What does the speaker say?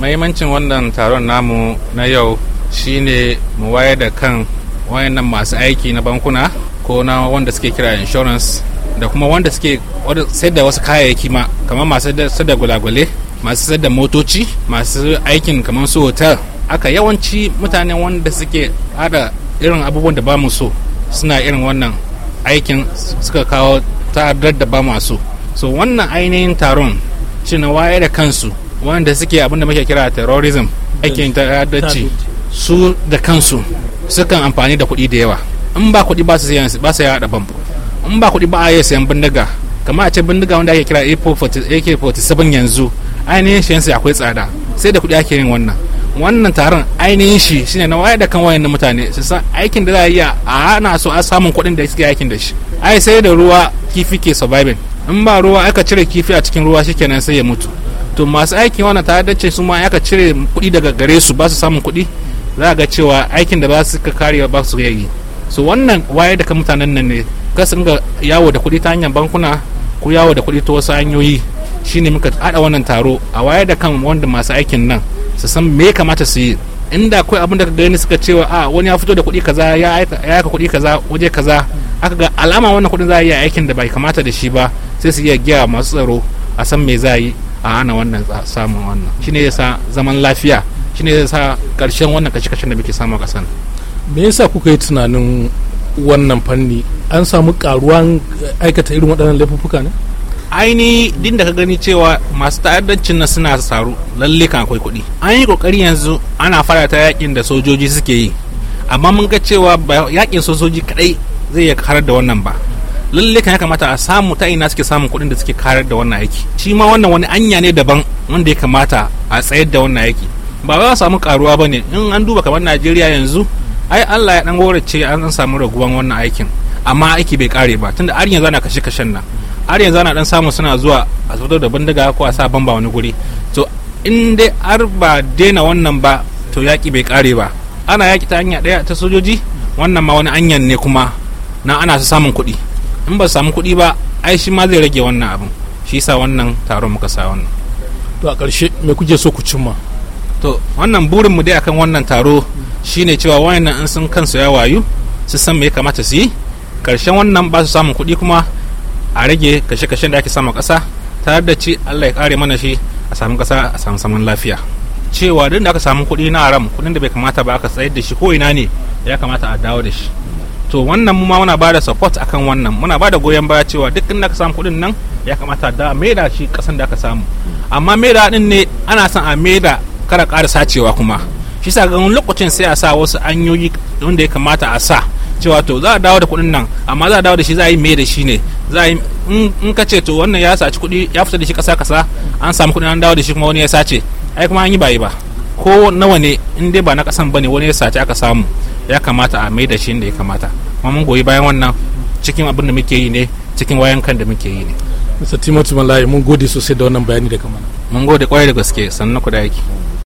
mahimmancin wannan taron namu na yau shine mu wayar da kan wayannan masu aiki na bankuna ko na wanda suke kira insurance da kuma wanda suke sayar da wasu kayayyaki ma kamar masu sayar da gulagule masu sayar da motoci masu aikin kamar su hotel aka yawanci mutane wanda suke hada irin abubuwan da ba mu so suna irin wannan aikin suka kawo ta'addar da ba mu so so wannan ainihin taron shi na wayar da kansu wanda suke abinda da muke kira terrorism aikin ta'addanci su da kansu sukan amfani da kuɗi da yawa in ba kuɗi ba su sayan ba su yada bambu in ba kuɗi ba a yi sayan bindiga kamar a ce bindiga wanda ake kira AK47 yanzu ainihin shi yansu akwai tsada sai da kuɗi ake yin wannan wannan taron ainihin shi shine na waya da kan wayan mutane su san aikin da za a yi a ana so a samun kuɗin da suke aikin da shi ai sai da ruwa kifi ke surviving in ba ruwa aka cire kifi a cikin ruwa shikenan sai ya mutu to masu aikin wannan ce su ma aka cire kuɗi daga gare su ba su samun kuɗi za ga cewa aikin da ba su ka kare ba su yayi so wannan waye da mutanen nan ne sun ga yawo da kuɗi ta hanyar bankuna ko yawo da kuɗi ta wasu hanyoyi shine muka haɗa wannan taro a waye da kan wanda masu aikin nan su san me ya kamata su yi inda akwai abin da ka gani suka cewa a ah, wani ya fito da kuɗi kaza ya aika kuɗi kaza waje kaza aka ga alama wannan kuɗin za a yi aikin da bai kamata da shi ba sai su iya giya masu tsaro a san me za a yi a hana wannan samun wannan shine yasa zaman lafiya shine yasa karshen wannan kashe-kashen da muke samu a kasan me yasa kuka yi tunanin wannan fanni an samu karuwan aikata irin waɗannan laifuffuka ne aini din da ka gani cewa masu ta'addancin na suna saru lalle kan akwai kuɗi an yi kokari yanzu ana fara ta yakin da sojoji suke yi amma mun ga cewa yakin sojoji kadai zai iya karar da wannan ba lalle kan ya kamata a samu ta ina suke samun kuɗin da suke karar da wannan aiki shi ma wannan wani anya ne daban wanda ya kamata a tsayar da wannan aiki ba za samu karuwa ba ne in an duba kamar najeriya yanzu ai allah ya dan gorace an samu raguwan wannan aikin amma aiki bai kare ba tunda har yanzu ana kashe kashen nan har yanzu ana dan samu suna zuwa a zuwa da bindiga ko a sa bamba wani guri to in dai har ba daina wannan ba to yaki bai kare ba ana yaki ta hanya daya ta sojoji wannan ma wani anyan ne kuma na ana samun kuɗi in ba samu kuɗi ba ai shi ma zai rage wannan abin shi sa wannan taron muka sa wannan to a ƙarshe me kuke so ku cimma to wannan burin mu dai akan wannan taro shine cewa wayannan in sun kansu ya wayu su san me ya kamata su yi ƙarshen wannan ba su samun kuɗi kuma a rage kashe kashe da ake samun ƙasa tare da ci Allah ya kare mana shi a samu ƙasa a samu saman lafiya cewa duk da aka samu kuɗi na haram kuɗin da bai kamata ba aka tsayar da shi ko ina ne ya kamata a dawo da shi to wannan mu ma muna ba da support akan wannan muna ba da goyon baya cewa duk inda ka samu kuɗin nan ya kamata da maida shi kasan da ka samu amma maida din ne ana son a maida kada ƙara sacewa kuma shi sa ganin lokacin sai a sa wasu anyoyi wanda ya kamata a sa cewa to za a dawo da kuɗin nan amma za a dawo da shi za a yi mai da shi ne za a yi in ka ce to wannan ya saci kuɗi ya fita da shi ƙasa kasa an samu kuɗin an dawo da shi kuma wani ya sace ai kuma an yi bayi ba ko nawa ne in dai ba na kasan bane wani ya sace aka samu ya kamata a mai da shi inda ya kamata kuma mun goyi bayan wannan cikin abin da muke yi ne cikin wayan kan da muke yi ne Mr. Timothy Malaye mun gode sosai da wannan bayani da kamar. Mun gode kwarai da gaske sannan ku da yake.